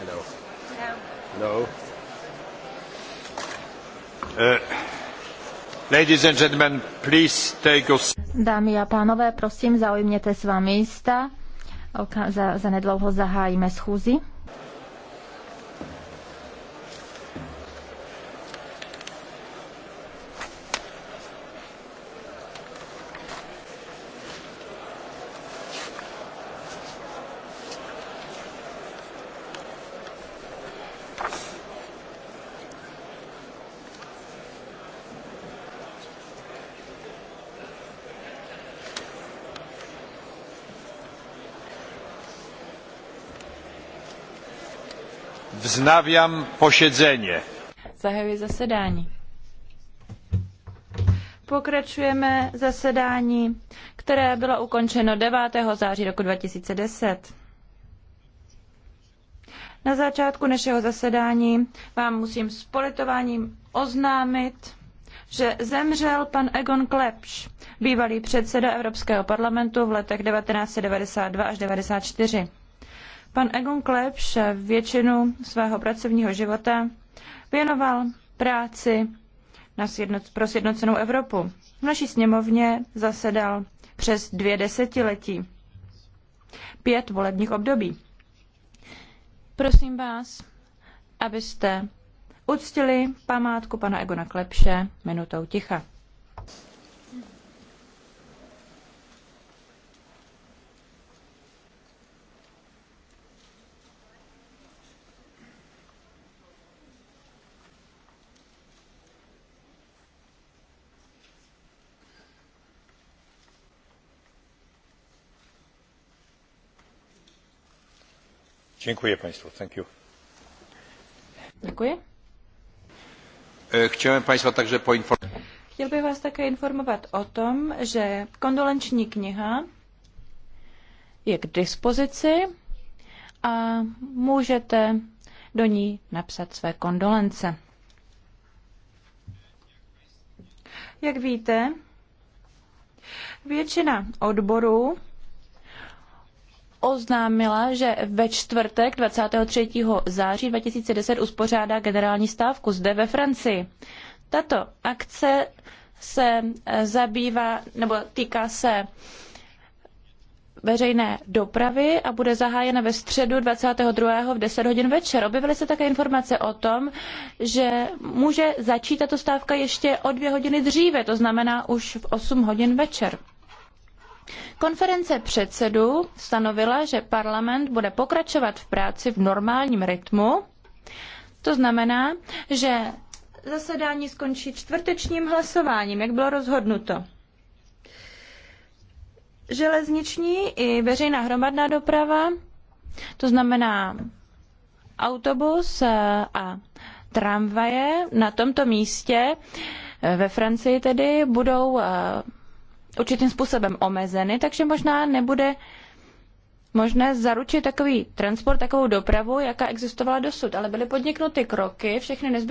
Hello. Hello. Hello. Uh, ladies and gentlemen, please take Dámy a pánové, prosím, zaujměte svá místa. Oka- za, za nedlouho zahájíme schůzi. Vznavím pošedzeně. Zahajuji zasedání. Pokračujeme zasedání, které bylo ukončeno 9. září roku 2010. Na začátku našeho zasedání vám musím s politováním oznámit, že zemřel pan Egon Klepš, bývalý předseda Evropského parlamentu v letech 1992 až 1994. Pan Egon Klepš většinu svého pracovního života věnoval práci na sjednoc- pro sjednocenou Evropu. V naší sněmovně zasedal přes dvě desetiletí, pět volebních období. Prosím vás, abyste uctili památku pana Egona Klepše minutou ticha. Děkuji, eh, Chtěl bych vás také informovat o tom, že kondolenční kniha je k dispozici a můžete do ní napsat své kondolence. Jak víte, většina odborů oznámila, že ve čtvrtek 23. září 2010 uspořádá generální stávku zde ve Francii. Tato akce se eh, zabývá, nebo týká se veřejné dopravy a bude zahájena ve středu 22. v 10 hodin večer. Objevily se také informace o tom, že může začít tato stávka ještě o dvě hodiny dříve, to znamená už v 8 hodin večer. Konference předsedů stanovila, že parlament bude pokračovat v práci v normálním rytmu. To znamená, že zasedání skončí čtvrtečním hlasováním, jak bylo rozhodnuto. Železniční i veřejná hromadná doprava, to znamená autobus eh, a tramvaje na tomto místě eh, ve Francii tedy budou eh, určitým způsobem omezeny, takže možná nebude možné zaručit takový transport, takovou dopravu, jaká existovala dosud, ale byly podniknuty kroky, všechny nezbytné